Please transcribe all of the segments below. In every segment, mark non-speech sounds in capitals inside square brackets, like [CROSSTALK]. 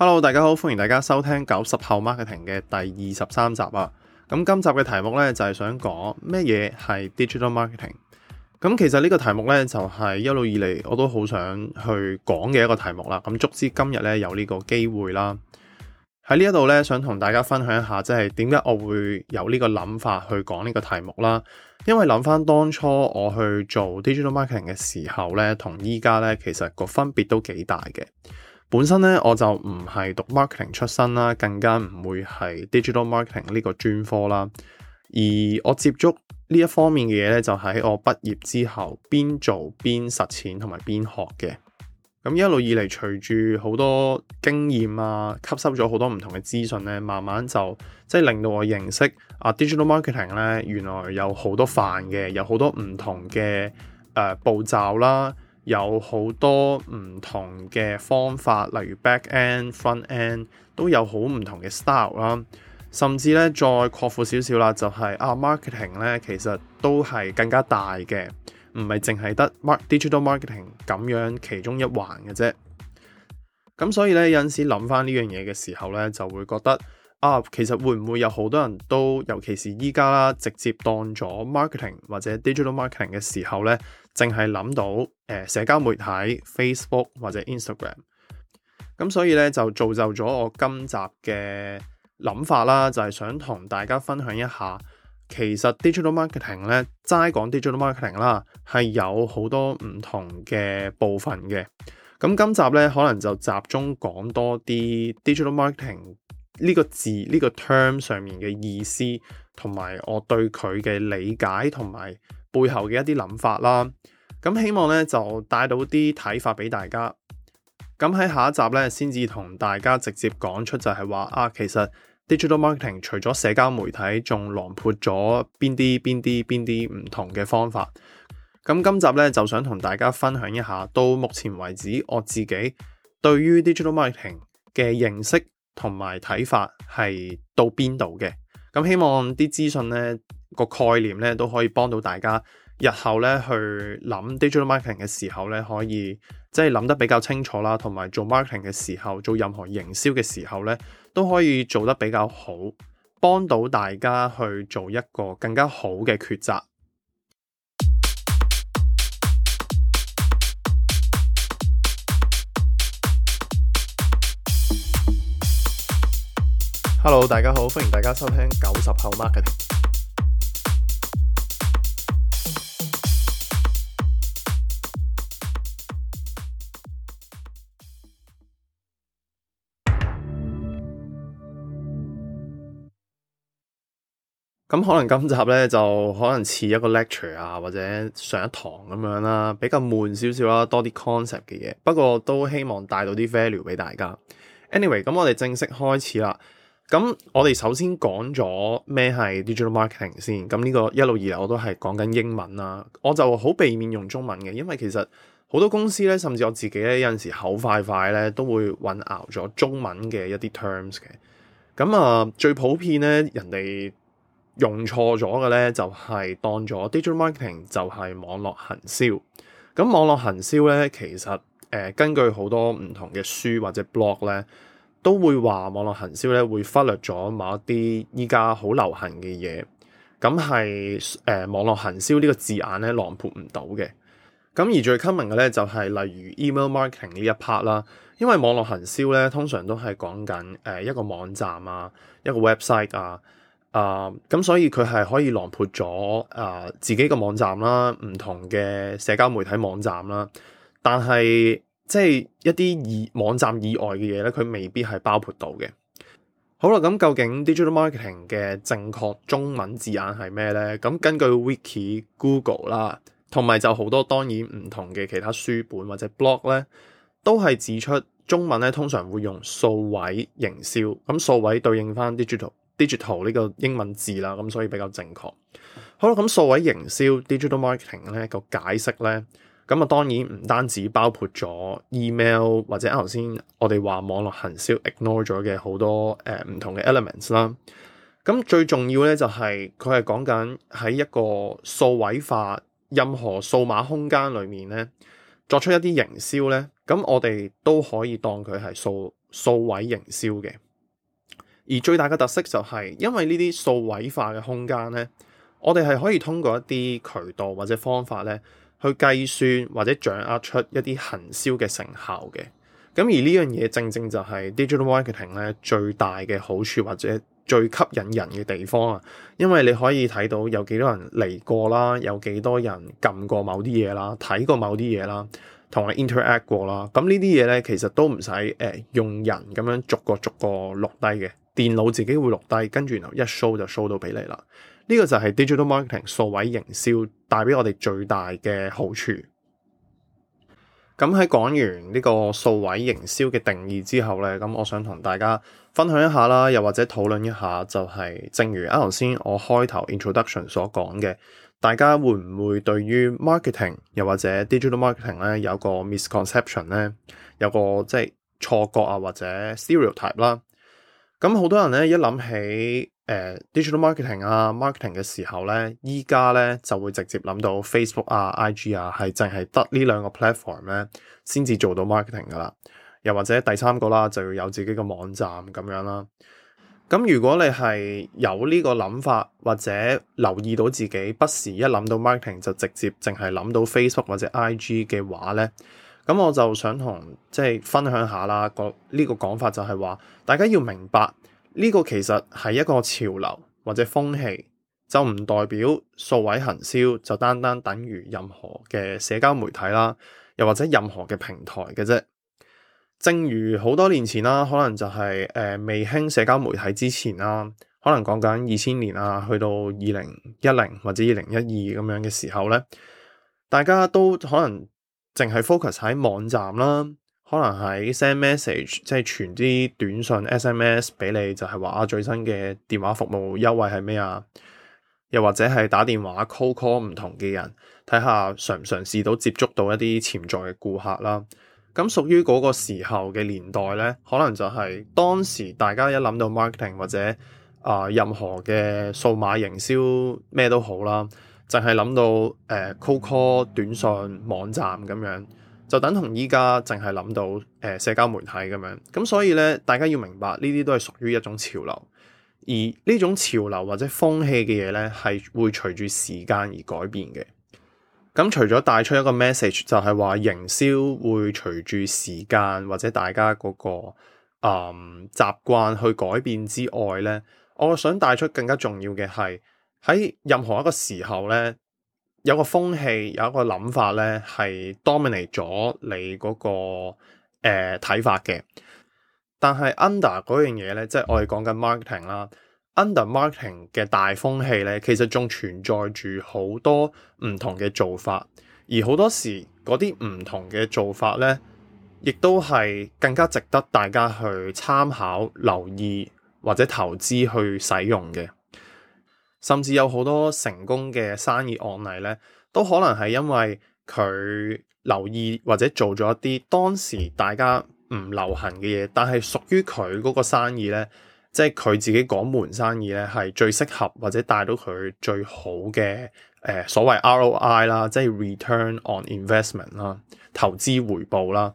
Hello，大家好，歡迎大家收聽九十後 marketing 嘅第二十三集啊！咁今集嘅題目呢，就係想講咩嘢係 digital marketing。咁其實呢個題目呢，就係一路以嚟我都好想去講嘅一個題目啦。咁足之今日呢，有呢個機會啦，喺呢一度呢，想同大家分享一下，即係點解我會有呢個諗法去講呢個題目啦。因為諗翻當初我去做 digital marketing 嘅時候呢，同依家呢，其實個分別都幾大嘅。本身咧我就唔係讀 marketing 出身啦，更加唔會係 digital marketing 呢個專科啦。而我接觸呢一方面嘅嘢咧，就喺、是、我畢業之後邊做邊實踐同埋邊學嘅。咁一路以嚟，隨住好多經驗啊，吸收咗好多唔同嘅資訊咧，慢慢就即係、就是、令到我認識啊 digital marketing 咧，原來有好多範嘅，有好多唔同嘅誒、呃、步驟啦。有好多唔同嘅方法，例如 back end、front end 都有好唔同嘅 style 啦。甚至咧再擴闊少少啦，就係啊 marketing 咧其實都係更加大嘅，唔係淨係得 digital marketing 咁樣其中一環嘅啫。咁所以咧有陣時諗翻呢樣嘢嘅時候咧，就會覺得啊，其實會唔會有好多人都，尤其是依家啦，直接當咗 marketing 或者 digital marketing 嘅時候咧，淨係諗到誒、呃、社交媒體 Facebook 或者 Instagram，咁所以咧就造就咗我今集嘅諗法啦，就係、是、想同大家分享一下，其實 digital marketing 咧，齋講 digital marketing 啦，係有好多唔同嘅部分嘅。咁今集咧可能就集中講多啲 digital marketing 呢個字呢、這個 term 上面嘅意思，同埋我對佢嘅理解同埋。背後嘅一啲諗法啦，咁希望咧就帶到啲睇法俾大家。咁喺下一集咧，先至同大家直接講出就係話啊，其實 Digital Marketing 除咗社交媒體，仲囊括咗邊啲邊啲邊啲唔同嘅方法。咁今集咧就想同大家分享一下，到目前為止我自己對於 Digital Marketing 嘅認識同埋睇法係到邊度嘅。咁希望啲資訊咧，個概念咧都可以幫到大家日後咧去諗 digital marketing 嘅時候咧，可以即係諗得比較清楚啦，同埋做 marketing 嘅時候，做任何營銷嘅時候咧，都可以做得比較好，幫到大家去做一個更加好嘅抉擇。Hello，大家好，歡迎大家收聽九十後 marketing。咁可能今集咧就可能似一個 lecture 啊，或者上一堂咁樣啦，啊，比較悶少少啦，多啲 concept 嘅嘢，不過都希望帶到啲 value 俾大家。Anyway，咁我哋正式開始啦。咁我哋首先講咗咩係 digital marketing 先。咁呢個一路以嚟，我都係講緊英文啦，啊，我就好避免用中文嘅，因為其實好多公司咧，甚至我自己咧有陣時口快快咧都會混淆咗中文嘅一啲 terms 嘅。咁啊，最普遍咧人哋。用錯咗嘅呢，就係當咗 digital marketing 就係網絡行銷。咁網絡行銷呢，其實誒、呃、根據好多唔同嘅書或者 blog 呢，都會話網絡行銷呢會忽略咗某一啲依家好流行嘅嘢。咁係誒網絡行銷呢個字眼呢，囊括唔到嘅。咁而最 common 嘅呢，就係、是、例如 email marketing 呢一 part 啦，因為網絡行銷呢，通常都係講緊誒一個網站啊，一個 website 啊。啊，咁、uh, 所以佢係可以囊括咗啊自己嘅網站啦，唔同嘅社交媒體網站啦，但係即係一啲以網站以外嘅嘢咧，佢未必係包括到嘅。好啦，咁究竟 digital marketing 嘅正確中文字眼係咩咧？咁根據 wiki、Google 啦，同埋就好多當然唔同嘅其他書本或者 blog 咧，都係指出中文咧通常會用數位營銷，咁數位對應返 digital。digital 呢個英文字啦，咁所以比較正確。好啦，咁數位營銷 digital marketing 呢個解釋呢，咁啊當然唔單止包括咗 email 或者啱頭先我哋話網絡行銷 ignore 咗嘅好多誒唔、呃、同嘅 elements 啦。咁最重要呢，就係佢係講緊喺一個數位化任何數碼空間裡面呢，作出一啲營銷呢。咁我哋都可以當佢係數數位營銷嘅。而最大嘅特色就係，因為呢啲數位化嘅空間呢，我哋係可以通過一啲渠道或者方法呢，去計算或者掌握出一啲行銷嘅成效嘅。咁而呢樣嘢正正就係 Digital Marketing 咧最大嘅好處或者最吸引人嘅地方啊！因為你可以睇到有幾多人嚟過啦，有幾多人撳過某啲嘢啦，睇過某啲嘢啦，同埋 interact 過啦。咁呢啲嘢呢，其實都唔使誒用人咁樣逐個逐個錄低嘅。電腦自己會錄低，跟住然後一 show 就 show 到俾你啦。呢個就係 digital marketing 數位營銷帶俾我哋最大嘅好處。咁喺講完呢個數位營銷嘅定義之後呢，咁我想同大家分享一下啦，又或者討論一下，就係正如啱頭先我開頭 introduction 所講嘅，大家會唔會對於 marketing 又或者 digital marketing 呢，有個 misconception 呢？有個即係錯覺啊，或者 stereotype 啦、啊？咁好多人咧一諗起誒、呃、digital marketing 啊 marketing 嘅時候咧，依家咧就會直接諗到 Facebook 啊 IG 啊，係淨係得呢兩個 platform 咧先至做到 marketing 噶啦，又或者第三個啦就要有自己嘅網站咁樣啦。咁如果你係有呢個諗法，或者留意到自己不時一諗到 marketing 就直接淨係諗到 Facebook 或者 IG 嘅話咧。咁我就想同即係分享下啦，個呢個講法就係話，大家要明白呢個其實係一個潮流或者風氣，就唔代表數位行銷就單單等於任何嘅社交媒體啦，又或者任何嘅平台嘅啫。正如好多年前啦，可能就係誒未興社交媒體之前啦，可能講緊二千年啊，去到二零一零或者二零一二咁樣嘅時候呢，大家都可能，淨係 focus 喺網站啦，可能係 send message，即係傳啲短信 SMS 俾你，就係話啊最新嘅電話服務優惠係咩啊？又或者係打電話 call call 唔同嘅人，睇下嘗唔嘗試到接觸到一啲潛在嘅顧客啦。咁屬於嗰個時候嘅年代呢，可能就係當時大家一諗到 marketing 或者啊、呃、任何嘅數碼營銷咩都好啦。淨係諗到誒 cold call 短信網站咁樣，就等同依家淨係諗到誒、呃、社交媒體咁樣。咁所以呢，大家要明白呢啲都係屬於一種潮流，而呢種潮流或者風氣嘅嘢呢，係會隨住時間而改變嘅。咁除咗帶出一個 message，就係話營銷會隨住時間或者大家嗰、那個誒、嗯、習慣去改變之外呢，我想帶出更加重要嘅係。喺任何一個時候咧，有個風氣，有一個諗法咧，係 dominate 咗你嗰、嗰個、呃、睇法嘅。但係 under 嗰樣嘢咧，即係我哋講緊 marketing 啦。under marketing 嘅大風氣咧，其實仲存在住好多唔同嘅做法，而好多時嗰啲唔同嘅做法咧，亦都係更加值得大家去參考、留意或者投資去使用嘅。甚至有好多成功嘅生意案例呢，都可能係因為佢留意或者做咗一啲當時大家唔流行嘅嘢，但係屬於佢嗰個生意呢，即係佢自己嗰門生意呢，係最適合或者帶到佢最好嘅，呃、所謂 ROI 啦，即係 Return on Investment 啦，投資回報啦。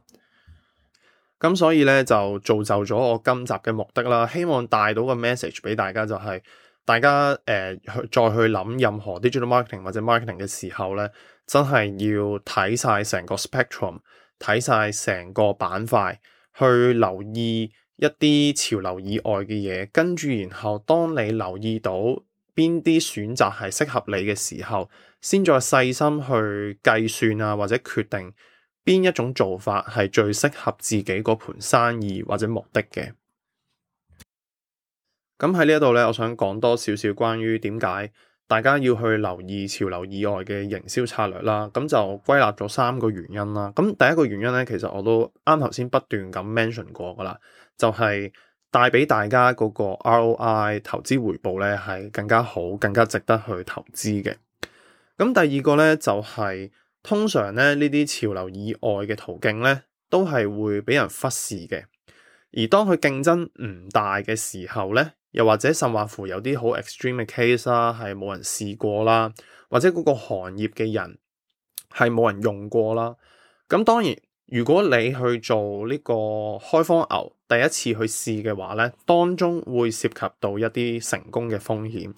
咁所以呢，就造就咗我今集嘅目的啦，希望帶到個 message 俾大家就係、是。大家誒去、呃、再去諗任何 digital marketing 或者 marketing 嘅時候咧，真係要睇晒成個 spectrum，睇晒成個板塊，去留意一啲潮流以外嘅嘢，跟住然後當你留意到邊啲選擇係適合你嘅時候，先再細心去計算啊或者決定邊一種做法係最適合自己嗰盤生意或者目的嘅。咁喺呢一度咧，我想講多少少關於點解大家要去留意潮流以外嘅營銷策略啦。咁就歸納咗三個原因啦。咁第一個原因咧，其實我都啱頭先不斷咁 mention 過噶啦，就係帶俾大家嗰個 ROI 投資回報咧係更加好、更加值得去投資嘅。咁第二個咧就係、是、通常咧呢啲潮流以外嘅途徑咧都係會俾人忽視嘅，而當佢競爭唔大嘅時候咧。又或者甚至乎有啲好 extreme 嘅 case 啦，係冇人試過啦，或者嗰個行業嘅人係冇人用過啦。咁當然，如果你去做呢個開荒牛，第一次去試嘅話咧，當中會涉及到一啲成功嘅風險，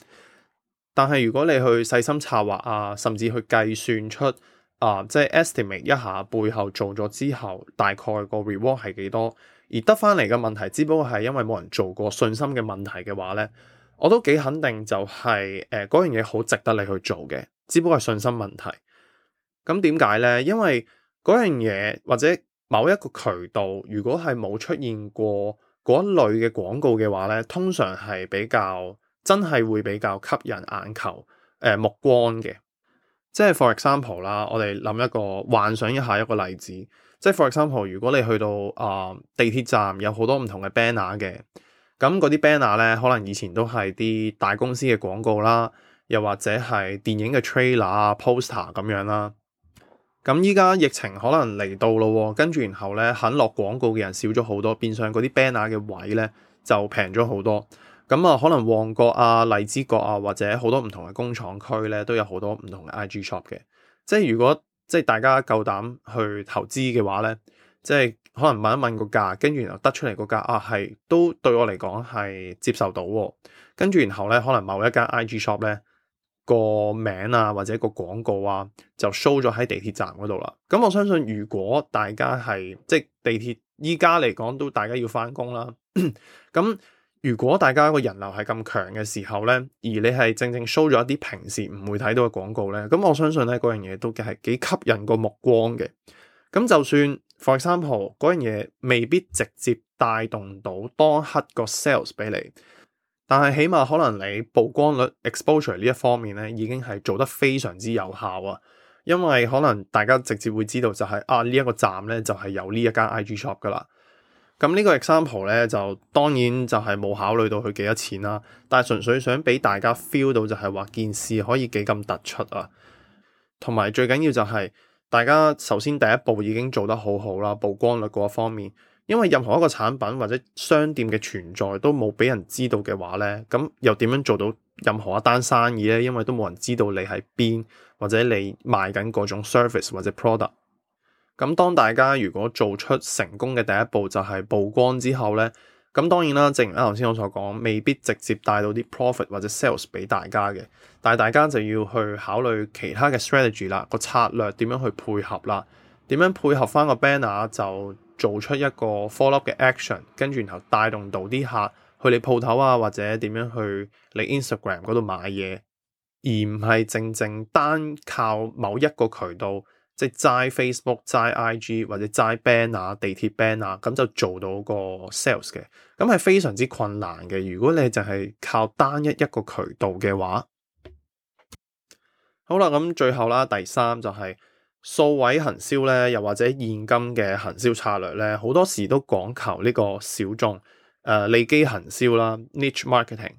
但係如果你去細心策劃啊，甚至去計算出啊、呃，即係 estimate 一下背後做咗之後大概個 reward 係幾多？而得翻嚟嘅問題，只不過係因為冇人做過信心嘅問題嘅話呢，我都幾肯定就係誒嗰樣嘢好值得你去做嘅，只不過係信心問題。咁點解呢？因為嗰樣嘢或者某一個渠道，如果係冇出現過嗰類嘅廣告嘅話呢，通常係比較真係會比較吸引眼球誒、呃、目光嘅。即係 for example 啦，我哋諗一個幻想一下一個例子。即係，例如，三號，如果你去到啊、呃、地鐵站，有好多唔同嘅 banner 嘅，咁嗰啲 banner 咧，可能以前都係啲大公司嘅廣告啦，又或者係電影嘅 trailer 啊、poster 咁樣啦。咁依家疫情可能嚟到咯，跟住然後咧，肯落廣告嘅人少咗好多，變相嗰啲 banner 嘅位咧就平咗好多。咁啊，可能旺角啊、荔枝角啊，或者好多唔同嘅工廠區咧，都有好多唔同嘅 IG shop 嘅。即係如果。即係大家夠膽去投資嘅話呢，即係可能問一問個價，跟住然後得出嚟個價啊，係都對我嚟講係接受到。跟住然後呢，可能某一間 IG shop 呢個名啊或者個廣告啊就 show 咗喺地鐵站嗰度啦。咁我相信如果大家係即係地鐵依家嚟講都大家要翻工，啦，咁。 [COUGHS] 如果大家個人流係咁強嘅時候呢，而你係正正 show 咗一啲平時唔會睇到嘅廣告呢，咁我相信呢嗰樣嘢都係幾吸引個目光嘅。咁就算 for example 嗰樣嘢，未必直接帶動到當刻個 sales 俾你，但係起碼可能你曝光率 exposure 呢一方面呢已經係做得非常之有效啊。因為可能大家直接會知道就係、是、啊呢一、呢個站呢就係有呢一間 IG shop 噶啦。咁呢個 example 咧，就當然就係冇考慮到佢幾多錢啦，但係純粹想俾大家 feel 到就係話件事可以幾咁突出啊，同埋最緊要就係、是、大家首先第一步已經做得好好啦，曝光率嗰一方面，因為任何一個產品或者商店嘅存在都冇俾人知道嘅話咧，咁又點樣做到任何一單生意咧？因為都冇人知道你喺邊，或者你賣緊嗰種 service 或者 product。咁當大家如果做出成功嘅第一步就係曝光之後呢。咁當然啦，正如啱頭先我所講，未必直接帶到啲 profit 或者 sales 俾大家嘅，但係大家就要去考慮其他嘅 strategy 啦，個策略點樣去配合啦，點樣配合翻個 banner 就做出一個 follow up 嘅 action，跟住然後帶動到啲客去你鋪頭啊，或者點樣去你 Instagram 嗰度買嘢，而唔係正正單靠某一個渠道。即係齋 Facebook、齋 IG 或者齋 banner、地鐵 banner 咁就做到個 sales 嘅，咁係非常之困難嘅。如果你就係靠單一一個渠道嘅話，好啦，咁最後啦，第三就係、是、數位行銷咧，又或者現今嘅行銷策略咧，好多時都講求呢個小眾誒、呃、利基行銷啦，niche marketing。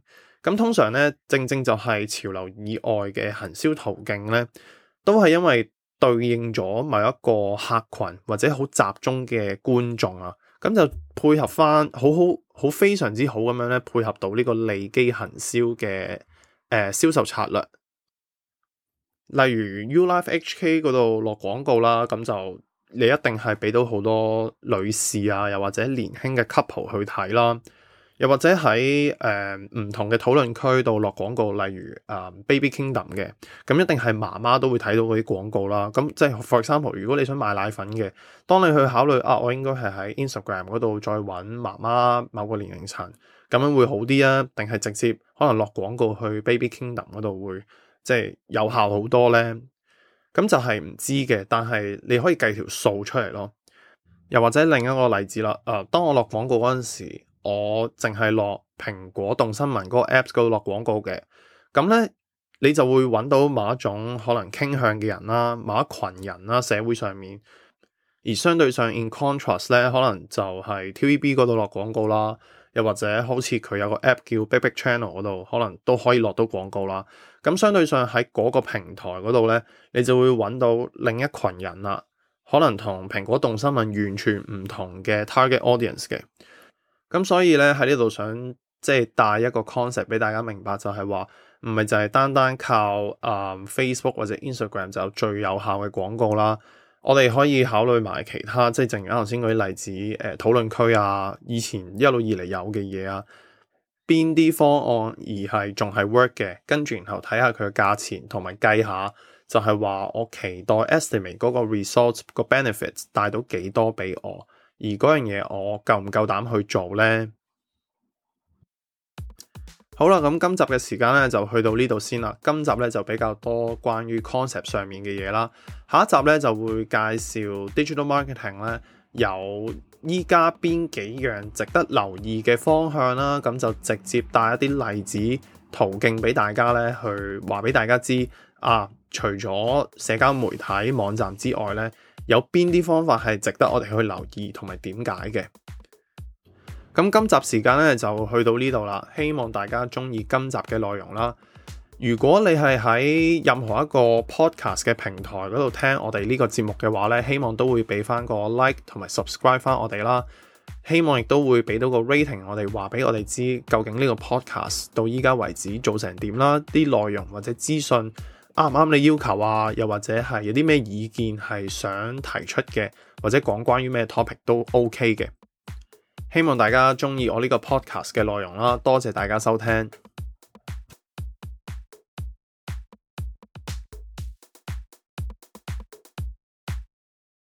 咁通常咧，正正就係潮流以外嘅行銷途徑咧，都係因為。對應咗某一個客群或者好集中嘅觀眾啊，咁就配合翻好好好非常之好咁樣咧，配合到呢個利基行銷嘅誒、呃、銷售策略，例如 U Life HK 嗰度落廣告啦，咁就你一定係俾到好多女士啊，又或者年輕嘅 couple 去睇啦。又或者喺誒唔同嘅討論區度落廣告，例如啊、嗯、Baby Kingdom 嘅，咁一定係媽媽都會睇到嗰啲廣告啦。咁即係 f o r e x a m p l e 如果你想買奶粉嘅，當你去考慮啊，我應該係喺 Instagram 嗰度再揾媽媽某個年齡層咁樣會好啲啊，定係直接可能落廣告去 Baby Kingdom 嗰度會即係有效好多呢？咁就係唔知嘅，但係你可以計條數出嚟咯。又或者另一個例子啦，啊，當我落廣告嗰陣時。我淨係落蘋果動新聞嗰個 apps 嗰度落廣告嘅，咁呢，你就會揾到某一種可能傾向嘅人啦，某一群人啦，社會上面。而相對上 in contrast 呢，可能就係 TVB 嗰度落廣告啦，又或者好似佢有個 app 叫 Big Big Channel 嗰度，可能都可以落到廣告啦。咁相對上喺嗰個平台嗰度呢，你就會揾到另一群人啦、啊，可能同蘋果動新聞完全唔同嘅 target audience 嘅。咁所以咧，喺呢度想即係帶一個 concept 俾大家明白就，就係話唔係就係單單靠誒、um, Facebook 或者 Instagram 就最有效嘅廣告啦。我哋可以考慮埋其他，即係正如啱頭先嗰啲例子，誒，討論區啊，以前一路以嚟有嘅嘢啊，邊啲方案而係仲係 work 嘅，跟住然後睇下佢嘅價錢，同埋計下就係、是、話我期待 estimate 嗰個 result 個 benefits 帶到幾多俾我。而嗰樣嘢我夠唔夠膽去做呢？好啦，咁今集嘅時間咧就去到呢度先啦。今集咧就比較多關於 concept 上面嘅嘢啦。下一集咧就會介紹 Digital Marketing 咧有依家邊幾樣值得留意嘅方向啦。咁就直接帶一啲例子途徑俾大家咧去話俾大家知。啊，除咗社交媒體網站之外咧。有邊啲方法係值得我哋去留意同埋點解嘅？咁今集時間咧就去到呢度啦，希望大家中意今集嘅內容啦。如果你係喺任何一個 podcast 嘅平台嗰度聽我哋呢個節目嘅話咧，希望都會俾翻個 like 同埋 subscribe 翻我哋啦。希望亦都會俾到個 rating 我哋，話俾我哋知究竟呢個 podcast 到依家為止做成點啦，啲內容或者資訊。啱唔啱你要求啊？又或者係有啲咩意見係想提出嘅，或者講關於咩 topic 都 OK 嘅。希望大家鍾意我呢個 podcast 嘅內容啦，多謝大家收聽。